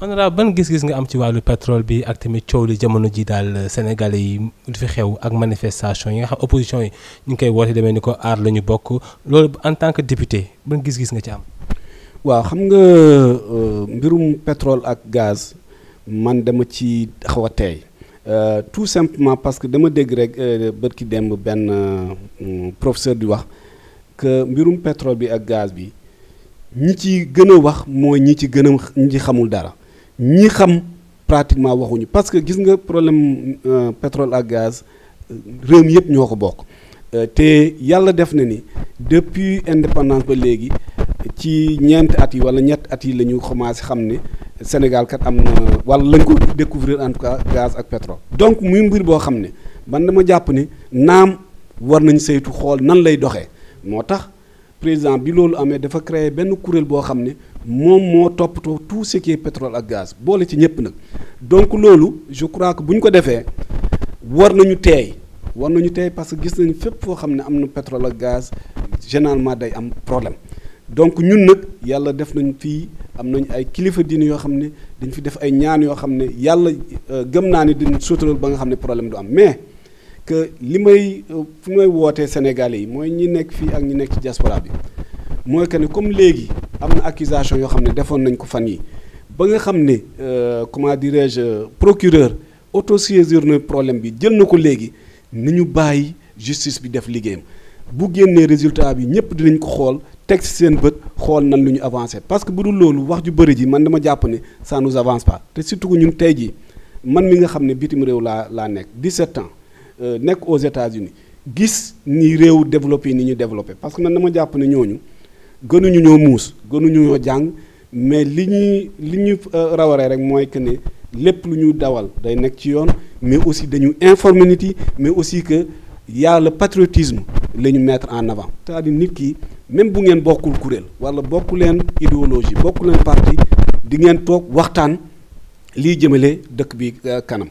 honorable ban gis-gis nga am ci wàllu pétrole bi ak tamit coow li jamono ji daal sénégalais yi lu fi xew ak manifestation yi nga xam opposition yi ñu ngi koy woote demee ni ko aar la ñu bokk loolu en tant que député ban gis-gis nga ci am waaw xam nga euh, mbirum pétrole ak gaz man dama ci xaw a teey euh, tout simplement parce que dama dégg rek euh, ki demb benn professeur di wax que mbirum pétrole bi ak gaz bi ñi ci gën a wax mooy ñi ci gën a ñi ci xamul dara ñi xam pratiquement waxuñu parce que gis nga problème euh, pétrole ak gaz euh, réew mi yëpp ñoo ko bokk euh, te yàlla def na ni depuis indépendance ba léegi ci ñeenti at yi wala ñett at yi la ñu commencé xam ni Sénégal kat am na wala lañ ko découvrir en tout cas gaz ak pétrole. donc muy mbir boo xam ne man dama jàpp ni naam war nañ saytu xool nan lay doxee moo tax. président bi loolu amee dafa créer benn kuréel boo xam ne moom moo toppatoo tout ce qui est pétrole ak gaz boole ci ñëpp nag donc loolu je crois que bu ñu ko defee war nañu teey war nañu teey parce que gis nañu fépp foo xam ne am na pétrole ak gaz généralement day am problème donc ñun nag yàlla def nañ fii am nañ ay kilifa diine yoo xam ne dañ fi def ay ñaan yoo xam ne yàlla euh, gëm naa ni dañ sutural ba nga xam ne problème du am mais que li may fu may wootee Sénégalais yi mooy ñi nekk fii ak ñi nekk ci diaspora bi mooy que ni comme léegi am na accusation yoo xam ne defoon nañ ko fan yi ba nga xam ne euh, comment dirais-je procureur autosaisir na problème bi jël na ko léegi ni ñu bàyyi justice bi def liggéeyam bu génnee résultat bi ñëpp dinañ ko xool teg ci seen bët xool nan lu ñu avancé parce que bu dul loolu wax ju bëri ji man dama jàpp ne ça nous avance pas te surtout ñun tey jii man mi nga xam ne bitim réew laa laa nekk 17 ans. Euh, nekk aux États-Unis gis ni réew développé ni ñu développé parce que man dama jàpp ne gënuñu ñoo muus gënuñu jàng mais li ñuy li ñu euh, rawaree rek mooy que ne lépp lu ñu dawal day nekk ci yoon mais aussi dañu informer nit yi mais aussi que yàlla a le patriotisme la ñu mettre en avant cest à nit ki même bu ngeen bokkul kuréel wala bokku leen idéologie bokku leen parti di ngeen toog waxtaan lii jëmale dëkk bi euh, kanam